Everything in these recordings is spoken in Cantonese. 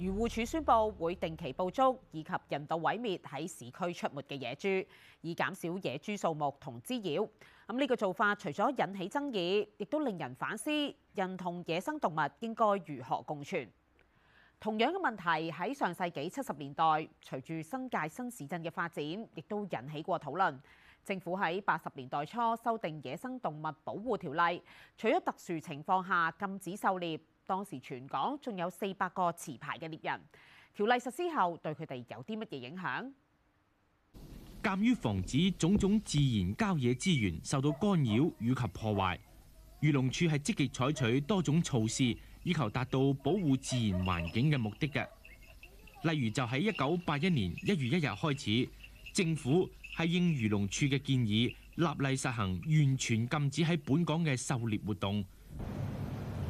漁護署宣布會定期捕捉以及人道毀滅喺市區出沒嘅野豬，以減少野豬數目同滋擾，咁呢個做法除咗引起爭議，亦都令人反思人同野生動物應該如何共存。同樣嘅問題喺上世紀七十年代，隨住新界新市鎮嘅發展，亦都引起過討論，政府喺八十年代初修訂野生動物保護條例，除咗特殊情況下禁止狩獵。當時全港仲有四百個持牌嘅獵人，條例實施後，對佢哋有啲乜嘢影響？鑑於防止種種自然郊野資源受到干擾以及破壞，漁農處係積極採取多種措施，以求達到保護自然環境嘅目的嘅。例如，就喺一九八一年一月一日開始，政府係應漁農處嘅建議，立例實行完全禁止喺本港嘅狩獵活動。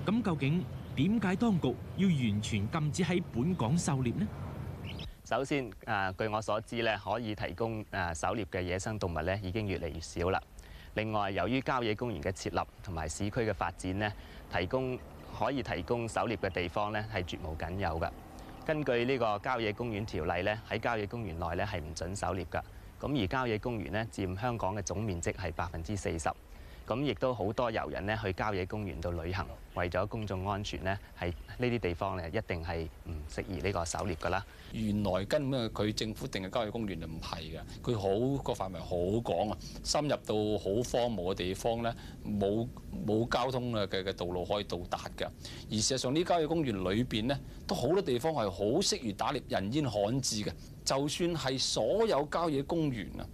咁究竟，點解當局要完全禁止喺本港狩獵呢？首先，誒據我所知咧，可以提供誒狩獵嘅野生動物咧，已經越嚟越少啦。另外，由於郊野公園嘅設立同埋市區嘅發展咧，提供可以提供狩獵嘅地方咧，係絕無僅有㗎。根據呢個郊野公園條例咧，喺郊野公園內咧係唔准狩獵㗎。咁而郊野公園咧佔香港嘅總面積係百分之四十。咁亦都好多遊人咧去郊野公園度旅行，為咗公眾安全咧，係呢啲地方咧一定係唔適宜呢個狩獵噶啦。原來根本佢政府定嘅郊野公園就唔係㗎，佢好個範圍好廣啊，深入到好荒蕪嘅地方咧，冇冇交通嘅嘅道路可以到達㗎。而事實上呢郊野公園裏邊咧，都好多地方係好適宜打獵，人煙罕至嘅。就算係所有郊野公園啊。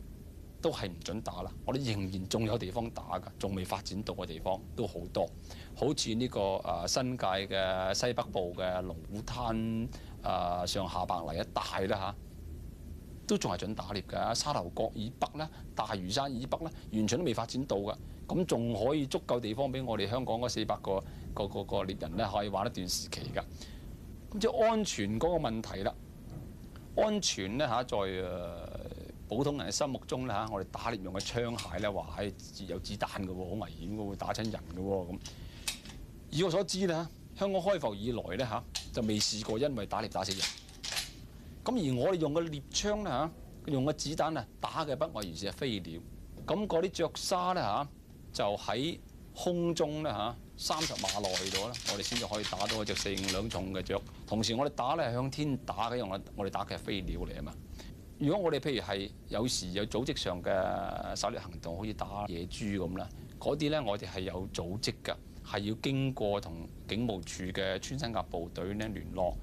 都係唔准打啦！我哋仍然仲有地方打嘅，仲未發展到嘅地方都好多，好似呢、這個誒、呃、新界嘅西北部嘅龍鼓灘誒、呃、上下白泥一帶啦嚇，都仲係准打獵嘅。沙頭角以北咧，大嶼山以北咧，完全都未發展到嘅，咁仲可以足夠地方俾我哋香港嗰四百個個個個獵人咧，可以玩一段時期㗎。咁即係安全嗰個問題啦，安全咧嚇再誒。呃普通人嘅心目中咧嚇，我哋打獵用嘅槍械咧話係有子彈嘅喎，好危險嘅，會打親人嘅喎咁。以我所知咧，香港開埠以來咧嚇就未試過因為打獵打死人。咁而我哋用嘅獵槍咧嚇，用嘅子彈啊打嘅不外而是係飛鳥。咁嗰啲雀沙咧嚇就喺空中咧嚇三十碼內度咧，我哋先至可以打到嗰隻四五兩重嘅雀。同時我哋打咧係向天打嘅，因為我哋打嘅係飛鳥嚟啊嘛。如果我哋譬如係有時有組織上嘅狩獵行動，好似打野豬咁啦，嗰啲呢，我哋係有組織嘅，係要經過同警務處嘅穿山甲部隊呢聯絡，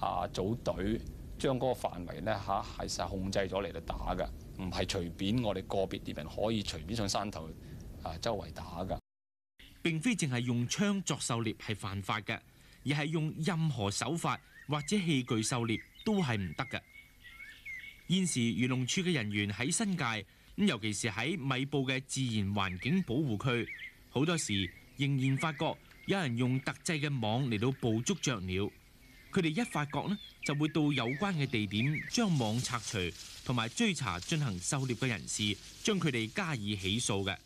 啊組隊，將嗰個範圍呢嚇係實控制咗嚟度打嘅，唔係隨便我哋個別獵人可以隨便上山頭啊周圍打㗎。並非淨係用槍作狩獵係犯法嘅，而係用任何手法或者器具狩獵都係唔得嘅。現時漁農署嘅人員喺新界咁，尤其是喺米埔嘅自然環境保護區，好多時仍然發覺有人用特製嘅網嚟到捕捉雀鳥。佢哋一發覺呢，就會到有關嘅地點將網拆除，同埋追查進行狩獵嘅人士，將佢哋加以起訴嘅。